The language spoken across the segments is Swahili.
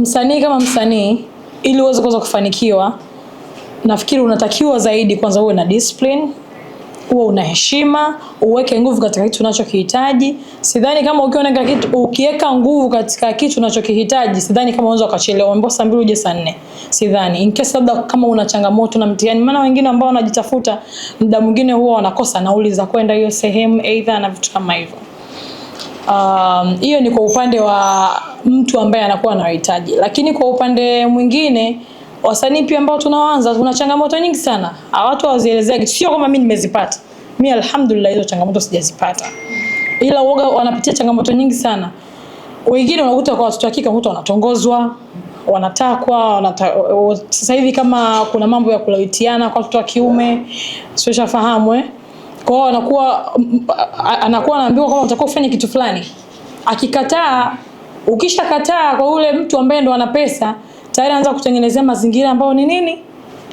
msanii kama msanii, ili uweze kuweza kufanikiwa, nafikiri unatakiwa zaidi kwanza uwe na discipline uwe una heshima, uweke nguvu katika kitu unachokihitaji. Sidhani kama ukiona kitu ukiweka nguvu katika kitu unachokihitaji, sidhani kama unaweza ukachelewa. Mbona saa mbili uje saa nne? Sidhani. In case labda kama una changamoto na mtihani, maana wengine ambao wanajitafuta muda mwingine huwa wanakosa nauli za kwenda hiyo sehemu, aidha na vitu kama hivyo. Um, hiyo um, ni kwa upande wa mtu ambaye anakuwa anahitaji, lakini kwa upande mwingine wasanii pia ambao tunaanza tuna changamoto nyingi sana, ah, watu hawazielezea kitu. Sio kama mimi nimezipata mimi, alhamdulillah hizo changamoto sijazipata, ila woga, wanapitia changamoto nyingi sana. Wengine unakuta kwa watoto hakika unakuta wanatongozwa, wanatakwa wanata, sasa hivi kama kuna mambo ya kulawitiana kwa watoto wa kiume sio shafahamu eh kwa hiyo anakuwa anakuwa anaambiwa kama utakuwa ufanye kitu fulani, akikataa. Ukishakataa kwa ule mtu ambaye ndo ana pesa tayari, anaanza kutengenezea mazingira ambayo ni nini,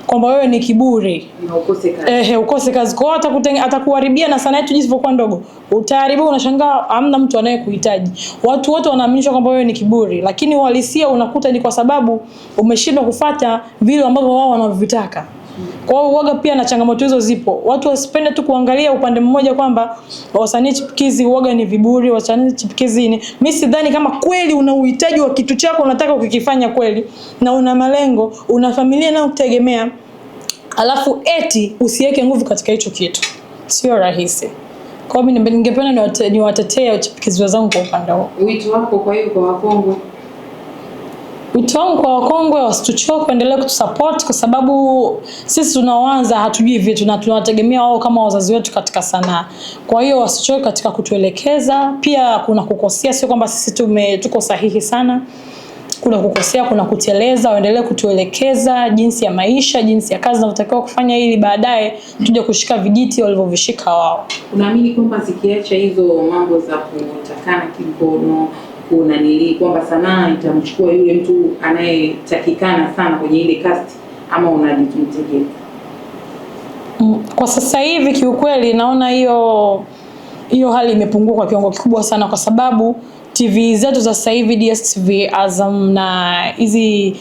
kwamba wewe ni kiburi, ukose kazi. Ehe, ukose kazi. Kwa hiyo atakuharibia na sanaa yetu jinsi ilivyokuwa ndogo, utaharibu. unashangaa hamna mtu anayekuhitaji. Watu wote wanaaminishwa kwamba wewe ni kiburi, lakini uhalisia unakuta ni kwa sababu umeshindwa kufata vile ambavyo wao wanavitaka. Kwa hiyo uoga pia na changamoto hizo zipo. Watu wasipende tu kuangalia upande mmoja kwamba wasanii chipukizi uoga ni viburi, wasanii chipukizi ni. Mimi sidhani kama kweli una uhitaji wa kitu chako unataka ukikifanya kweli na una malengo, una familia na kutegemea. Alafu eti usiweke nguvu katika hicho kitu. Sio rahisi. Kwa hiyo mimi ningependa niwatetee chipukizi wazangu kwa upande wao. Wito wako kwa hiyo kwa Wakongo? Wito wangu kwa wakongwe wasituchoke, waendelee kutusupport kwa sababu sisi tunaoanza hatujui vitu na tunawategemea wao kama wazazi wetu katika sanaa. Kwa hiyo wasichoke katika kutuelekeza. Pia kuna kukosea, sio kwamba sisi tume tuko sahihi sana. Kuna kukosea, kuna kuteleza, waendelee kutuelekeza jinsi ya maisha, jinsi ya kazi zinavyotakiwa kufanya, ili baadaye tuje kushika vijiti walivyovishika wao. Unaamini kwamba zikiacha hizo mambo za kutakana kimkono unanilii kwamba sanaa itamchukua yule mtu anayetakikana sana kwenye ile cast ama unajitumtegemea mm, Kwa sasa hivi kiukweli, naona hiyo hiyo hali imepungua kwa kiwango kikubwa sana, kwa sababu TV zetu za sasa hivi DSTV, Azam na hizi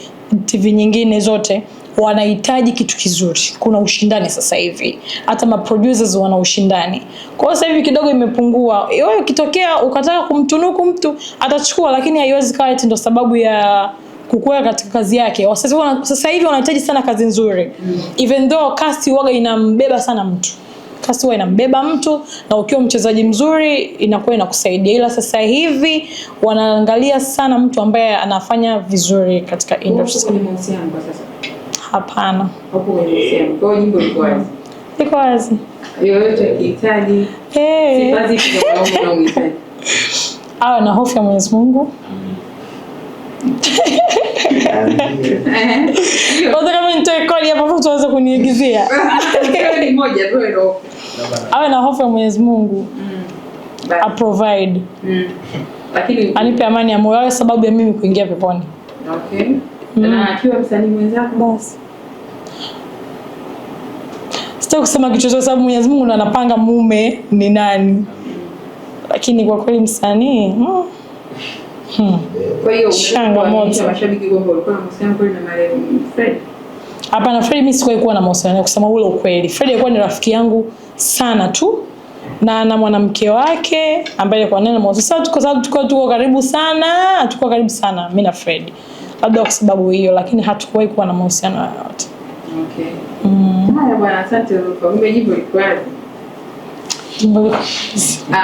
TV nyingine zote wanahitaji kitu kizuri. Kuna ushindani sasa hivi, hata maproducers wana ushindani. Kwa hiyo sasa hivi kidogo imepungua. Wewe ukitokea ukataka kumtunuku mtu atachukua, lakini haiwezi kawa eti ndo sababu ya kukua katika kazi yake. Sasa hivi wanahitaji sana kazi nzuri, even though cast huwa inambeba sana mtu cast huwa inambeba mtu na ukiwa mchezaji mzuri inakuwa inakusaidia, ila sasa hivi wanaangalia sana mtu ambaye anafanya vizuri katika industry. Hapana, iko wazi eh. awe na hofu ya Mwenyezi Mungu kama nitoe kodi hapo mtu tuweze kuniigizia. Awe na hofu ya Mwenyezi Mungu a mm. provide mm. Lakini anipe amani ya moyo, sababu ya mimi kuingia peponi. Okay. Na mm. akiwa msanii mwenzako basi sitaki kusema kitu chochote, sababu Mwenyezi Mungu ndo anapanga mume ni nani, lakini kwa kweli msanii hmm. hmm. changamoto. Hapana, Fred mimi sikuwahi kuwa na mahusiano kusema ule ukweli. Fred alikuwa ni rafiki yangu sana tu na na mwanamke wake ambaye alikuwa naye mwanzo. Sasa tuko sababu tuko tuko karibu sana, tuko karibu sana mimi na Fred. Labda kwa sababu hiyo, lakini hatukuwahi kuwa na mahusiano yoyote. Okay. Mm. Haya bwana, asante kwa hivyo. Jimbo likuaje? Ah,